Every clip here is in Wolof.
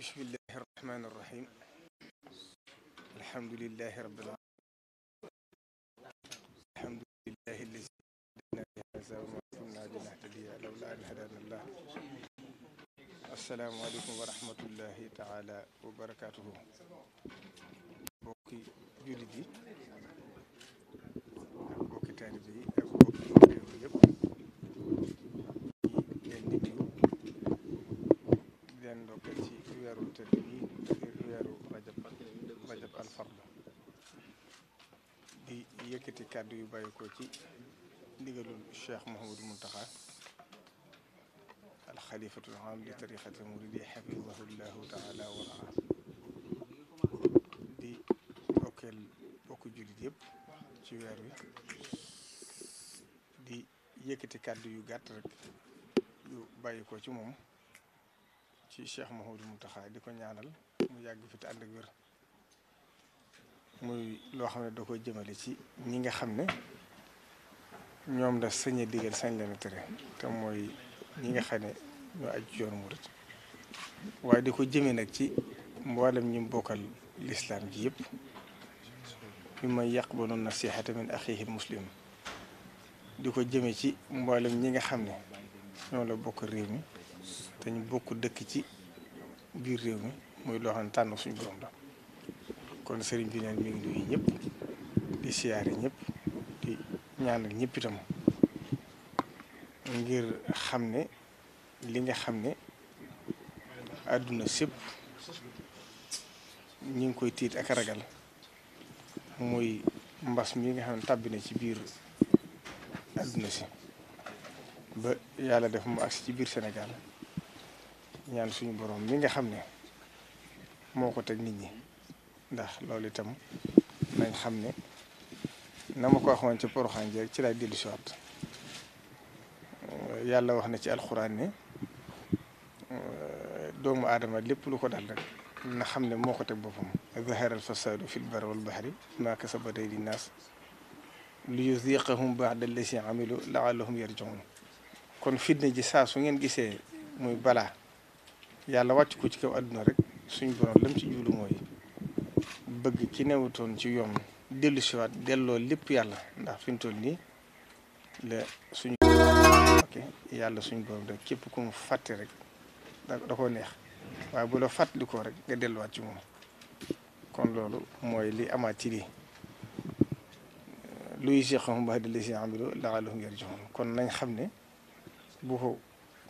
بسم الله الرحمن الرحيم الحمد لله رب العالمين الحمد لله الذي هدانا لهذا وما كنا لنهتدي لولا ان هدانا الله السلام عليكم ورحمة الله تعالى وبركاته leen ndokkeel ci weeru tëdd bi weeru rajab rajab al farda di yëkkati kàddu yu bàyyi ko ci ndigalul Cheikh Mouhamadou Mountakha al xalifatul am li tariqati muridi xafidahullahu taala waraa di ndokkeel bokk jullit yëpp ci weer wi di yëkkati kàddu yu gàtt rek yu bàyyi ko ci moom ci Cheikh mu Mountakha di ko ñaanal mu yàgg fi te ànd ak muy loo xam ne doo koy jëmale ci ñi nga xam ne ñoom la sañe digal sañ leen tere te mooy ñi nga xam ne ñoo di ko jëmee nag ci mboolem ñi bokkal lislaam ji yëpp mi may yaqbalu nasihata min axihi muslim di ko jëmee ci mboolem ñi nga xam ne ñoom la bokk réew mi dañ bokk dëkk ci biir réew mi muy loo tànn suñu borom la kon sëriñ bi neen mi ngi nuyu ñëpp di siyaare ñëpp di ñaanal ñëpp ngir xam ne li nga xam ne àdduna sépp ñu ngi koy tiit ak ragal muy mbas mi nga xam ne tàbbina ci biir àdduna si ba yàlla def mu agsi ci biir senegal ñaan suñu borom mi nga xamne moko tek nit ñi ndax loolu itam nañ xam ne na ma ko waxoon ci poroxaan jeek ci lay dellu si waat yàlla wax na ci alquran ne doomu adama lépp lu ko dal rek na xam ne moo ko teg boppam fi al fasadu wal bahri ma kasabat aydi nas li yuziqahum ba'da allazi amilu la'allahum yarji'un kon fitna ji sa su ngeen gisee muy bala yàlla wàcc ko ci kaw àdduna rek suñ borom lam ci jublu mooy bëgg ki newutoon ci yoon dellu siwaat delloo lépp yàlla ndax fi mu nii la suñ ok yàlla suñ borom képp ku fàtte rek da da koo neex waaye bu la fàttalikoo rek nga delluwaat ci moom kon loolu mooy li amaat ci lii luy seqam baax di la si amilo laalahum yarjiun kon nañ xam ne bu ko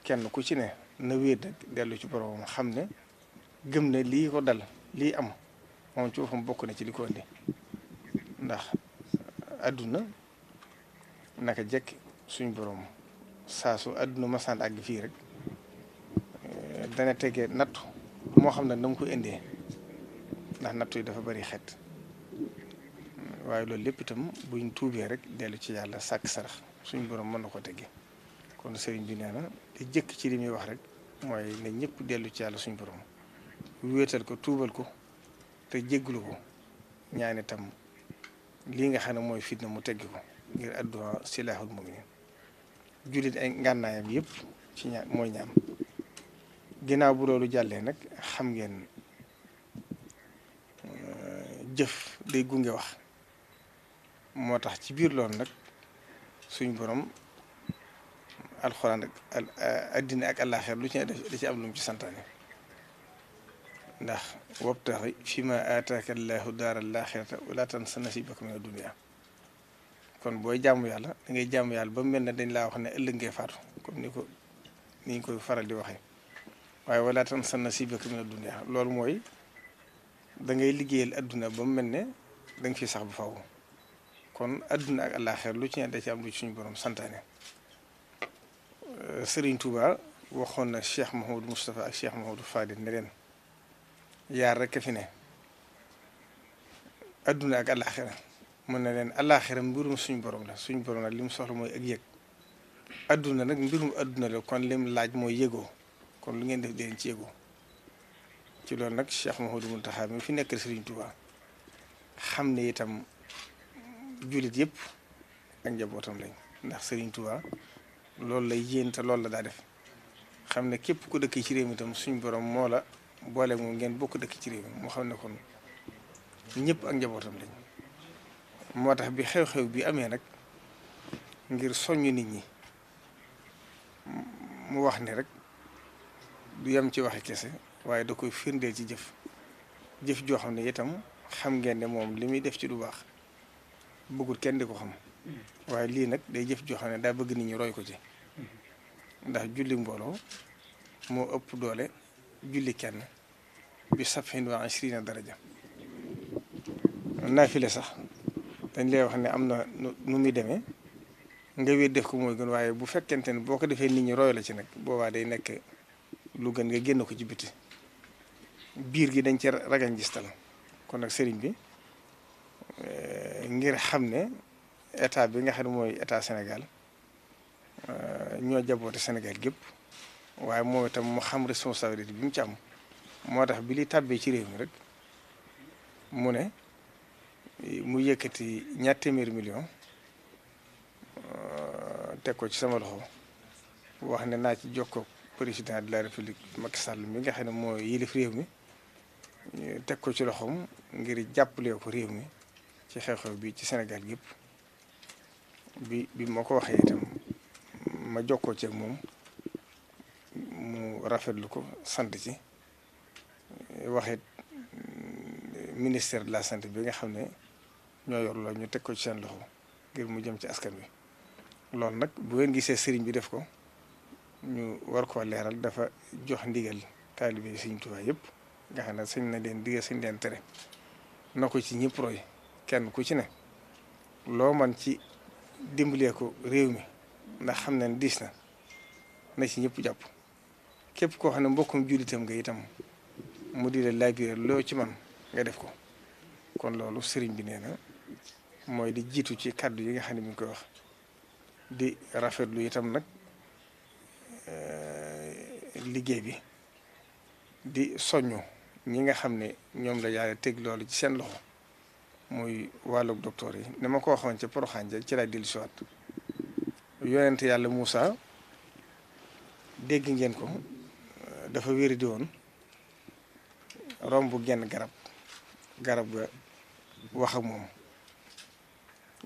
kenn ku ci ne na wéet nag dellu ci borom xam ne gëm ne lii ko dal lii am moom ci bokk na ci li ko indi ndax àdduna naka jekk suñ borom saa su àdduna masaan àgg fii rek eh, dana tege nattu moo xam ne na ko indee ndax nattu yi dafa bari xet waaye loolu lépp itam buñ tuubee rek dellu ci yàlla sàkk sarax suñ borom mën na ko tege kon sëriñ bi nee na jëkk ci li muy wax rek mooy ne ñëpp dellu ci yàlla suñu borom wéetal ko tuubal ko te jégglu ko ñaan itam lii nga xam ne mooy fitna mu tegg ko ngir adduwaa silaahul muminin jullit ay ngànnaayam yépp ci ñaan mooy ñaan ginnaaw bu loolu jàllee nag xam ngeen euh, jëf day gunge wax moo tax ci biir loolu nag suñ borom القرآن آه، الدين أكل الآخر لشيء لشيء أبلم جسنتاني نخ وابتغي فيما آتاك الله دار الآخرة ولا تنس نصيبك من الدنيا كون بوي جامو يالا نغي جامو يالا بام مين دين لا واخ نه الله نغي فار كوم نيكو ني نكوي فارال دي ولا تنس نصيبك من الدنيا لول موي دا نغي ليغيال ادنا بام مين نه دا نفي صاح بفاو كون ادنا ak الآخرة لو تي ندي سي Serigne Touba waxoon na Cheikh Mouhamadou Moustapha ak Cheikh Mouhamadou Fadil ne leen yaar rek a fi ne adduna ak alaxira mën na leen alaxira mbirum suñu borom la suñu borom la li mu soxla mooy ak yëg adduna nag mbirum adduna la kon lim laaj mooy yëgoo kon lu ngeen def di leen ci yëgoo ci loolu nag Cheikh Mouhamadou Mountakha mi fi nekk Serigne Touba xam ne itam julit yëpp ak njabootam lañ ndax Serigne Touba. loolu lay yéen te loolu la daa def xam ne képp ku dëkk ci réew mi itam suñu borom moo la boole moom ngeen bokk dëkk ci réew mi moo xam ne ko kon ñëpp ak njabootam lañ moo tax bi xew-xew bi amee nag ngir soññ nit ñi mu wax ni rek du yem ci waxe kese waaye da koy firndeel ci jëf jëf joo xam ne itam xam ngeen ne moom li muy def ci du baax bëggul kenn di ko xam waaye lii nag day jëf joo xam ne daa bëgg nit ñi roy ko ci ndax julli mbooloo moo ëpp doole julli kenn bi sab'in wa ishrina daraja naafile sax dañ lay wax ne am na nu muy deme nga wéet def ko mooy gën waaye bu fekkente ne boo ko defee nit ñi roy la ci nag boobaa day nekk lu gën nga génn ko ci biti biir gi dañ ci ragañ gis kon nag sëriñ bi eh, ngir xam ne état bi nga xam ne mooy état Sénégal euh, ñoo jaboote Sénégal gépp waaye moom itam mu xam responsabilité bi mu ci am moo tax bi li tàbbee ci réew mi rek mu ne mu yëkkati ñaar million euh, teg ko ci sama loxo wax ne naa ci jokkoo président de la république Macky Sall mi nga xam ne mooy yilif réew mi teg ko ci loxoom ngir jàppale ko réew mi ci xew-xew bi ci Sénégal gépp bi bi moo ko waxee itam ma koo ceeg moom mu rafetlu ko sant ci waxit mm, ministère de la sant bi nga xam ne ñoo yor loolu ñu teg ko ci seen loxo ngir mu jëm ci askan wi loolu nag bu ngeen gisee sëriñ bi def ko ñu war koo leeral dafa jox ndigal taalibe yi Sëriñ Tuubaa yëpp nga xam ne sañ na leen digal sañ leen tere na ko ci ñëpp roy kenn ku ci ne loo man ci dimbalee ko réew mi ndax xam na ne diis na na si ñëpp jàpp képp koo xam ne mbokkum jullitam nga itam mu di la laabiré loo ci man nga def ko kon loolu sëriñ bi nee na mooy di jiitu ci kàddu yi nga xam ne mu ngi koy wax di rafetlu itam nag eh, liggéey bi di soññu ñi nga xam ne ñoom la yàlla teg loolu ci seen loxo muy wàllug docteur yi ni ma ko waxoon ci Porokhane ja ci lay dellu si waat yonent yàlla Moussa dégg ngeen ko dafa wéri di woon romb genn garab garab ga wax ak moom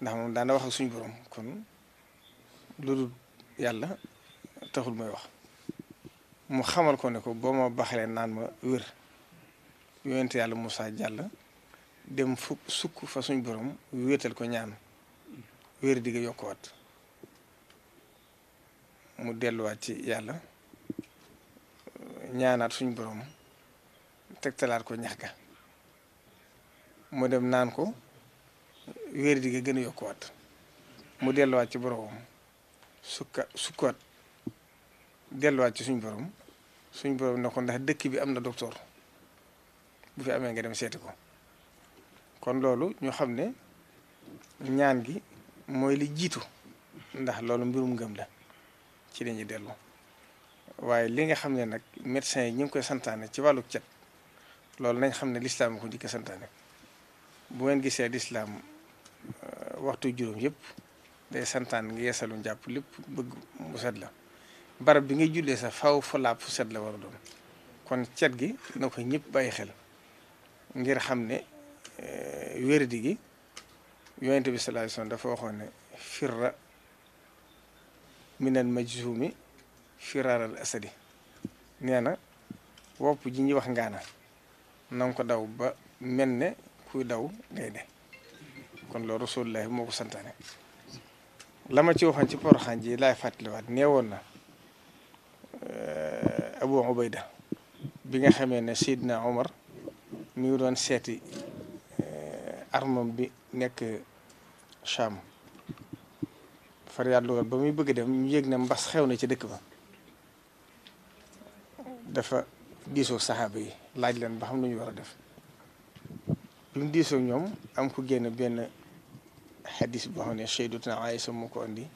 ndax moom daana wax ak suñu borom kon lu dul yàlla taxul may wax mu xamal ko ne ko boo ma baxalee naan ma wér yonent yàlla musaa jàll dem fu sukk fa suñ borom wéetal ko ñaan wéer digg yokkuwaat mu delluwaat ci yàlla ñaanaat suñ borom tegtalaat ko ñax ga mu dem naan ko wéer digg gën a yokkuwaat mu delluwaat ci boromam sukka sukkuwaat delluwaat ci suñ boroom suñ borom ne ko ndax dëkk bi am na docteur bu fi amee nga dem seeti ko kon loolu ñoo xam ne ñaan gi mooy li jiitu ndax loolu mbirum ngëm la ci la ñuy dellu waaye li nga xam ne nag médecins yi ñu ngi koy santaane ci wàllu cet loolu nañ xam ne lislaam ko njëkk a santaane bu ngeen gisee lislaam euh, waxtu juróom yëpp day santaan nga yeesalu njàpp lépp bëgg mu set la barab bi ngay jullee sax faw fa fu set la war a doon kon cet gi na ko ñëpp bàyyi xel ngir xam ne wérdi gi yonent bi sallallahu alayhi dafa waxoon firra minal majzumi firaaral asadi nee na wopp ji ñuy wax ngaana nanga ko daw ba mel ne kuy daw gaynde kon loolu rasulullahi moo ko santaane la ma ci waxoon ci poroxaan ji laay fàttaliwaat nee woon na euh, Abu Ubayda bi nga xamee ne Seydina Omar mi ngi doon seeti armam bi nekk Cham far yàlla ba muy bëgg dem ñu yëg ne mbas xew na ci dëkk ba dafa diisoo saxaaba yi laaj leen ba xam lu war a def bi mu diisoo ñoom am ku génn benn xadis boo xam ne Sayyidatuna Aïsa moo ko andi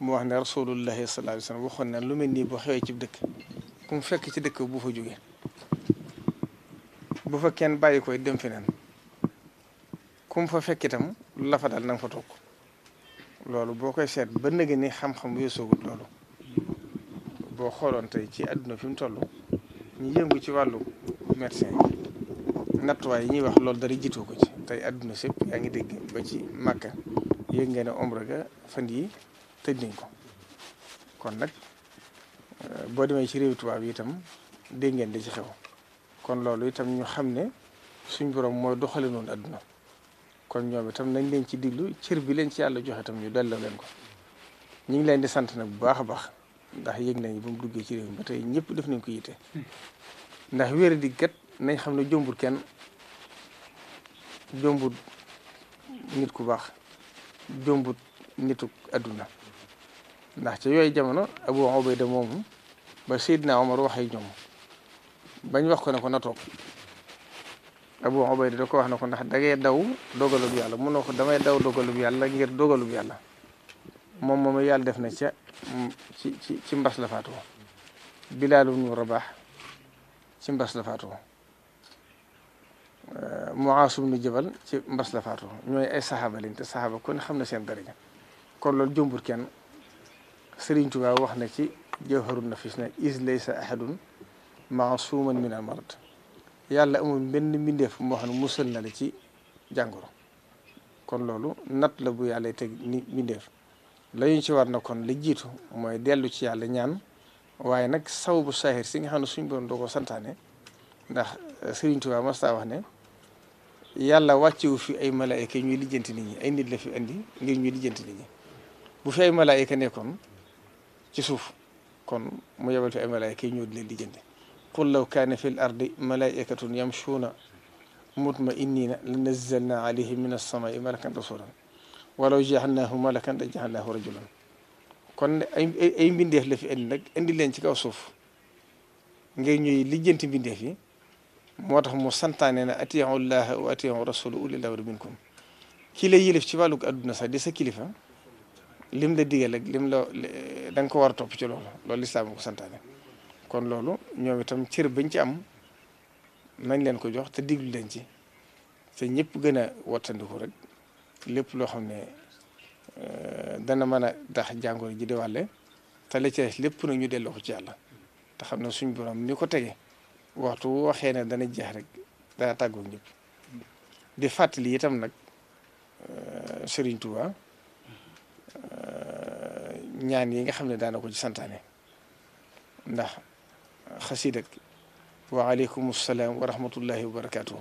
mu wax ne rasulullahi sallallahu alayhi wasallam na lu mel nii boo xewee ci dëkk ku mu fekk ci dëkk bu fa jóge bu fa kenn bàyyi koy dem feneen kum fa fekk itam la fa dal na nga fa toog loolu boo koy seet ba nëgë ni xam-xam weesoogul loolu boo xooloon tey ci àdduna fi mu toll ñu yëngu ci wàllu médecin nattuwaay yi ñuy wax loolu dara jitoo ko ci tey àdduna sëpp yaa ngi dégg ba ci màkka yëg ngeen ne ombre ga fan yi tëj nañ ko kon nag euh, boo demee ci réew tubaab yi itam dégg ngeen di ci xew kon loolu itam ñu xam ne suñ borom mooy doxale noonu àdduna kon ñoom itam nañ leen ci diglu cër bi leen ci yàlla joxe tam ñu delloo leen ko ñu ngi leen di sant nag bu baax a baax ndax yëg nañ ba mu duggee ci réew mi ba tey ñëpp def nañ ko yite ndax wéer di kat nañ xam ne jombul kenn jombul nit ku baax jombut nitu adduna ndax ca yooyu jamono Abu Ubayda moomu ba Seydina Omar waxee ñoom bañ wax ko ne ko na Abu Ubayda da ko wax na ko ndax dangay daw dogalub yàlla mun na ko damay daw dogalub yàlla ngir dogalub yàlla moom moom yàlla def na ca ci ci ci mbas la faatu Bilaal ibnu Rabaah ci mbas la faatu Muaas ibnu Jabal ci mbas la faatu ñooy ay saxaaba lañ te saxaaba kon xam na seen daraja kon loolu jombur kenn Sëriñ Tuubaa wax na ci Jawharun Nafiis ne is laysa ahadun maasuman min al marad yàlla amul mbenn mbindeef moo xam ne musal na la ci jàngoro kon loolu nat la bu yàlla teg ni mbindeef la ñu ci war na kon li jiitu mooy dellu ci yàlla ñaan waaye nag saw bu saaxir si nga xam ne suñ borom doo ko santaane ndax eh, Sëriñ Tuubaa mastaa wax ne yàlla wàccewu fi ay malaayka ñuy lijjanti ni ñi ay nit la fi indi ngir ñuy lijjanti nit ñi bu fi ay malaayka nekkoon ci suuf kon mu yebal fi ay malaayka ñoo leen lijjanti qul law kaana fi l ardi malaikatun yamchuuna mutmainina la nazalna alayhim min alsamai malakan rasulan walaw jaxalnaahu malakan la jaxalnaahu rajulan kon ay ay mbindeef la fi indi nag indi leen ci kaw suuf ngay ñuy lijjanti mbindeef yi moo tax moo santaane na atiiu llaha wa atiiu rasula ulil amri minkum ki ci wàllug adduna sax di kilifa lim la digal ak lim la da nga ko war a topp ci loolu loolu lislaam ko santaane kon loolu ñoom itam cër bañ ci am nañ leen ko jox te diglu leen ci te ñëpp gën a wattandiku rek lépp loo xam ne euh, dana mën a tax jàngoro ji di wàlle te la ci lépp nag ñu delloo ko ci yàlla te xam ne suñ borom ni ko tege waxtu waxee ne dana jeex rek dana tàggoo ñëpp di fàttali itam nag euh, Serigne euh, ñaan yi nga xam ne daana ko ci santaane ndax خسيدك وعليكم السلام ورحمة الله وبركاته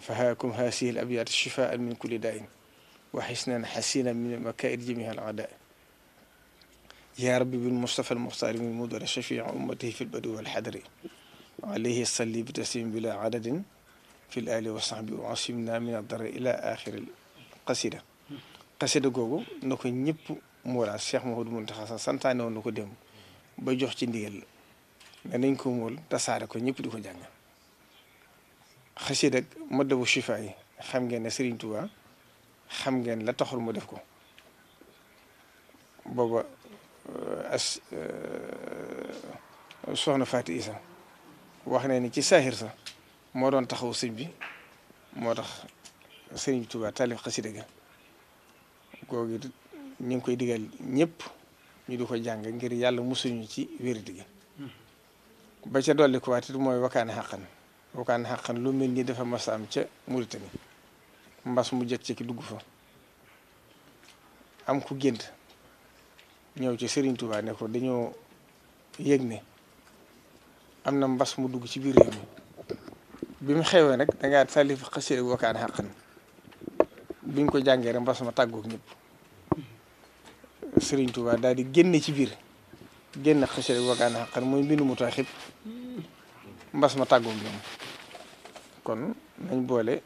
فهاكم هذه الأبيات شفاء من كل دائم وحسنا حسينا من مكائد جميع العداء يا ربي بالمصطفى المختار من مدر شفيع أمته في البدو والحدر عليه الصلي بتسليم بلا عدد في الآل والصحب وعصمنا من الضر إلى آخر القصيدة قصيدة جوجو نكون نيب مورا الشيخ محمود منتخب سنتان ونكون ديم بجوح تنديل danañ ko mool tasaare ko ñëpp di ko jàng xasida ak Madabu Chifa yi xam ngeen ne Serigne Touba xam ngeen la taxul mu def ko booba euh, as euh, soxna Faati Isa wax ne ni ci saaxir sa moo doon taxaw sëñ bi moo tax sëriñ Touba taalif xasida gi googu ñu koy digal ñëpp ñu di ko jàng ngir yàlla musuñu ci wérdi gi ba ca dolli ko waat it mooy wakkaane xàqan wakkaane xàqan lu mel nii dafa mas am ca Mauritanie mbas mu jot ci dugg fa am ku gént ñëw ci Serigne Touba ne ko dañoo yëg ne am na mbas mu dugg ci biir réew bi mu xewee nag dangaa taalif xasee wakkaane xàqan biñ ko jàngee rek mbas ma tàggoog ñëpp Serigne Touba daal génne ci biir génn xasee wakkaane xàqan mooy mbindu mu taxib mbas ma tàggoog ñoom kon nañ boole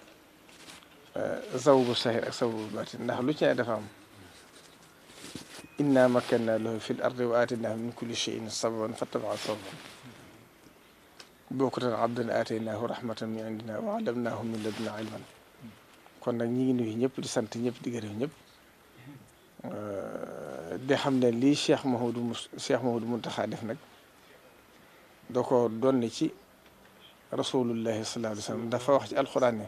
zaw bu sahir ak zaw bu baatin ndax lu ci ne dafa am inna makkanna lahu fi l ardi wa aataynaahu min kulli cheyin sababan fattabaa sababan bokkatan abdan aataynaahu rahmatan min indina wa allamnaahu min ladunna ilman kon nag ñi ngi nuyu ñëpp di sant ñëpp di gërëm ñëpp di xam ne lii Cheikh Mouhamadou Cheikh Mouhamadou Mountakha def nag da ko doon ci رسول الله صلى الله عليه وسلم دفع واحد القرآن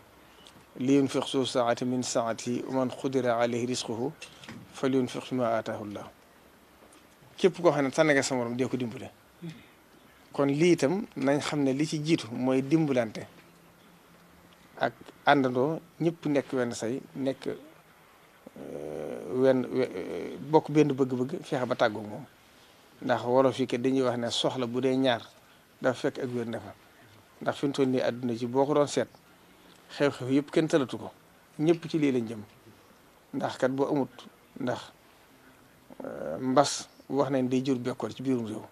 لينفق ذو ساعة من ساعته ومن قدر عليه رزقه فلينفق ما آتاه الله كيف كو خانا تانغا سامورم ديكو ديمبولي كون لي تام نان خامن لي سي جيتو موي ديمبولانتي اك اندو نيب نيك وين ساي نيك وين بوك بين بوغ بوغ فيها با تاغو موم نداخ وورو فيك دي ني واخ نه سوخلا بودي نياار دا فك اك وين نفا ndax fi mu nii àdduna ci boo ko doon seet xew-xew yëpp kenn talatu ko ñëpp ci lii lañ jëm ndax kat boo amut ndax euh, mbas wax nañ day jur bekkoor ci biirum réew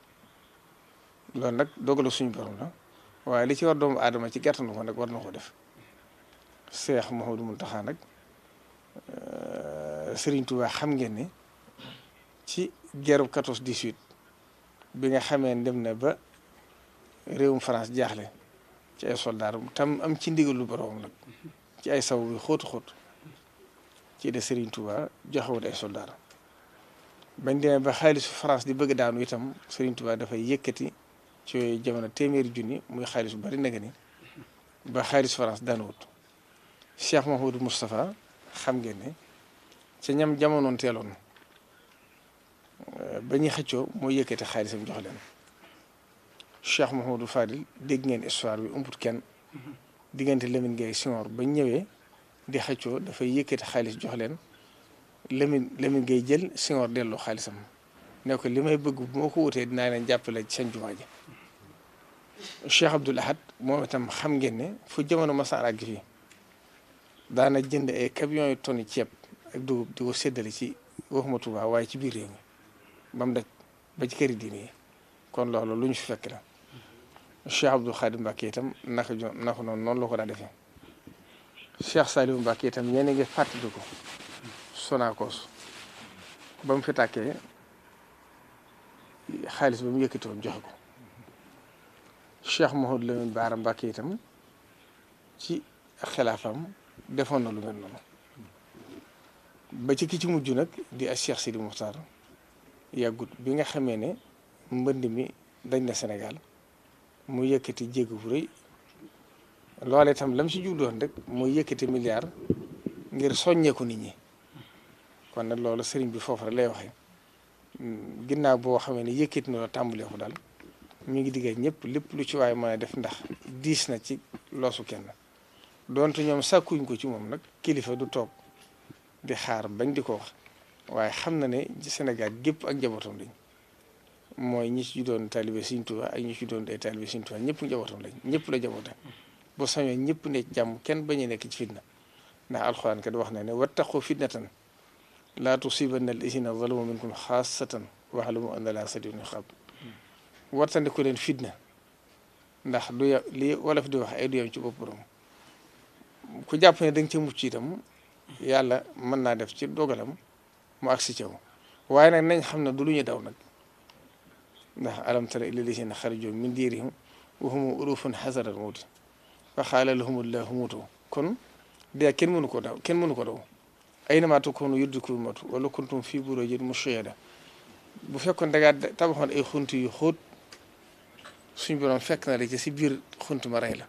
loolu nag dogalu suñu borom la waaye li ci war doomu aadama ci gàttandu ko nag war na ko def Seex Mouhamadou Mountakha nag euh, Serigne Touba xam ngeen ni ci gerub 14 18 bi nga xamee dem na ba réewum France jaaxle. ci ay soldaar tam am ci ndigalu borom nag ci ay saw bi xóotu xóot ci de Serigne Touba joxewul ay soldaar bañ demee ba xaalisu France di bëgg daanu itam Serigne Touba dafay yëkkati ci yooyu jamono téeméeri junni muy xaalis bu bari nag ni ba xaalis France daanuwut Cheikh Mouhamadou Moustapha xam ngeen ne ca ñam jamonoon teeloon eh, ba ñuy xëccoo moo yëkkati xaalisam jox leen. Cheikh Mouhamadou Fadil dégg ngeen histoire bi umput kenn diggante Lamine Gueye Senghor ba ñëwee di xëccoo dafay yëkkati xaalis jox leen Lamine Lamine Gueye jël Senghor delloo xaalisam ne ko li may bëgg bu moo ko wutee dinaa leen jàppale ci seen jumaa ji Cheikh Abdoul Ahad moom itam xam ngeen ne fu jamono masaar gi fii daana jënd ay camions ton ceeb ak dugub di ko séddale ci waxuma Tuubaa waaye ci biir réew mi ba daj ba ci këri diine yi kon loolu lu ñu fi fekk Cheikh Abdou Khadim Mbacke itam naka jo naka noonu noonu la ko daa defee Cheikh Saliou Mbacke itam yéen a ngi fàttali ko Sonacos ba mu fi xaalis ba mu yëkkati woon joxe ko Cheikh Mouhamadou Lamine Bara Mbacke itam ci xilaafam defoon na lu mel noonu ba ci ki ci mujj nag di ak Cheikh Sidi Moukhtar yàggut bi nga xamee ne mbënd mi dañ na Sénégal. mu yëkkati jéggi bu rëy loolee itam lam si jubluwoon rek muy yëkkati milliard ngir soññeeku ni ñi kon nag loolu sëriñ bi foofu rek lay waxe hmm, ginnaaw boo xamee ne yëkkati na loo tàmbalee daal mu ngi diggee ñëpp lépp lu ci waaye mën a def ndax diis na ci loosu kenn donte ñoom sàkkuñ ko ci moom nag kilifa du toog di xaar bañ di ko wax waaye xam na ne ci Sénégal gépp ak njabootam lañ. mooy ñi ci doon taalibe Sëriñ Tuubaa ak ñi ci doon ay taalibe Sëriñ Tuubaa ñëpp njabootam lañ ñëpp la jabootam boo sañoon ñëpp ne jàmm kenn bañ nekk ci fitna ndax alxuraan kat wax na ne wattaqu fitnatan laa tusibanna allaziina zalamu minkum xaassatan wa'lamu anna llaaha shadiidul iqaab wattandiku leen fitna ndax du ya li wolof di wax ay du yam ci bopp borom ku jàpp ne da nga cee mucc itam yàlla mën naa def ci dogalam mu agsi ci waaye nag nañ xam ne du lu ñu daw nag. ndax alam tara ila lazina xaraju min diirihim wa hum ulufun xasara almawt fa xaala lahum allahu muutu kon dee kenn mënu ko daw kenn mënu ko daw aynama takunu yudrikum mawt wala kuntum fi burujin mushayyada bu fekkoon dangaa tabaxoon ay xunt yu xóot suñ borom fekk na la ci si biir xunt ma rey la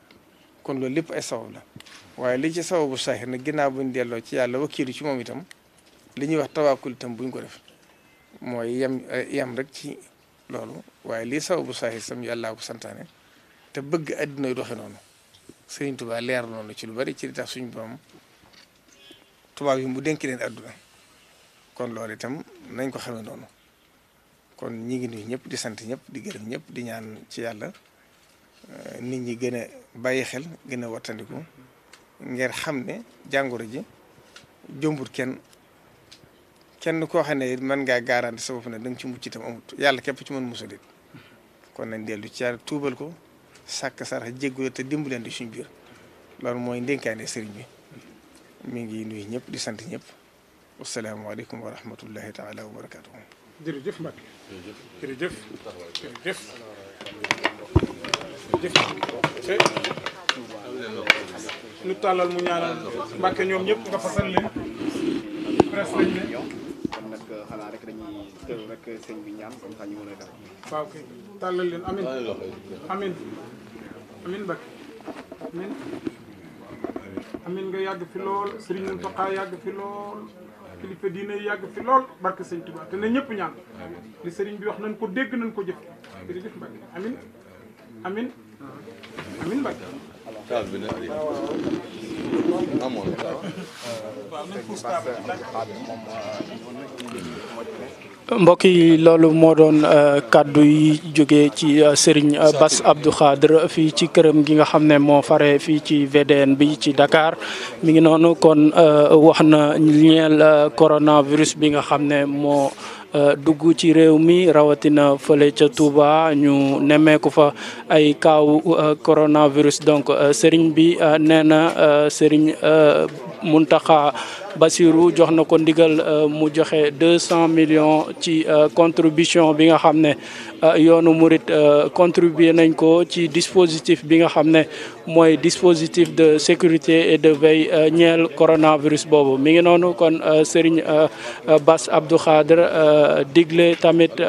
kon loolu lépp ay sabab la waaye li ci sababu saahir nag ginnaaw buñ delloo ci yàlla wakkiilu ci moom itam li ñuy wax tawaakul itam buñ ko def mooy yem yem rek ci loolu waaye lii sababu saaxi sam yàllaa ko santaane te bëgg àddina yu doxe noonu Sëriñ Tuubaa leer noonu ci lu bari ci li tax suñu borom tubaab yi mu dénki leen adduna kon loolu itam nañ ko xamee noonu kon ñi ngi nuyu ñëpp di sant ñëpp di gërëm ñëpp di ñaan ci yàlla eh, nit ñi gën a bàyyi xel gën a wattandiku ngir xam ne jàngoro ji jombur kenn kenn koo xam ne mën ngaa garanti sa bopp ne ci mucc itam amut yàlla képp ci mën musalit kon nañ dellu ci yàlla tuubal ko sàkk sarax jéggule te dimbaleen di suñ biir loolu mooy ndénkaane sëriñ bi mi ngi nuyu ñëpp di sant ñëpp wasalaamaaleykum wa rahmatullahi taala wa xanaa rek dañuy teew sëñ bi ñu mën a def. waaw kay tàllal leen amin amin amin amin nga yàgg fi lool Serigne Mountakha yàgg fi lool kilifa diine yàgg fi lool barke sëñ Touba te ne ñëpp ñaan li Serigne bi wax nañ ko dégg nañ ko jëf jërëjëf Mbacke amin amin amin Mbacke. amoon mbokk yi loolu moo doon euh, kàddu yi jóge ci euh, Serigne euh, Bass Abdou Khadre fii ci këram gi nga xam ne moo fare fii ci VDN bi ci Dakar mi ngi noonu kon wax na ñeel coronavirus bi nga xam ne moo. Euh, dugg ci réew mi rawatina fële ca Touba ñu nemmeeku fa ay kaawu euh, coronavirus donc euh, sëriñ bi nee na sëriñ Muntaxa Bassirou jox na ko ndigal euh, mu joxe deux cent millions ci euh, contribution bi nga xam ne euh, yoonu murit contribuer nañ ko ci dispositif bi nga xam ne mooy dispositif de sécurité et de veille ñeel coronavirus boobu mi ngi noonu kon Serigne Bass Abdou Khadre digle tamit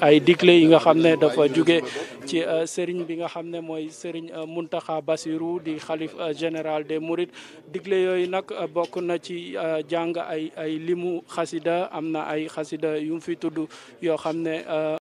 ay digle yi nga xam ne dafa jóge ci eh, sëriñ bi nga xam ne mooy sëriñ eh, Muntaxa Basirou di xalif eh, General des Mourides digle yooyu nag bokk na ci jàng ay ay limu xasida am na ay xasida yu fi tudd yoo xam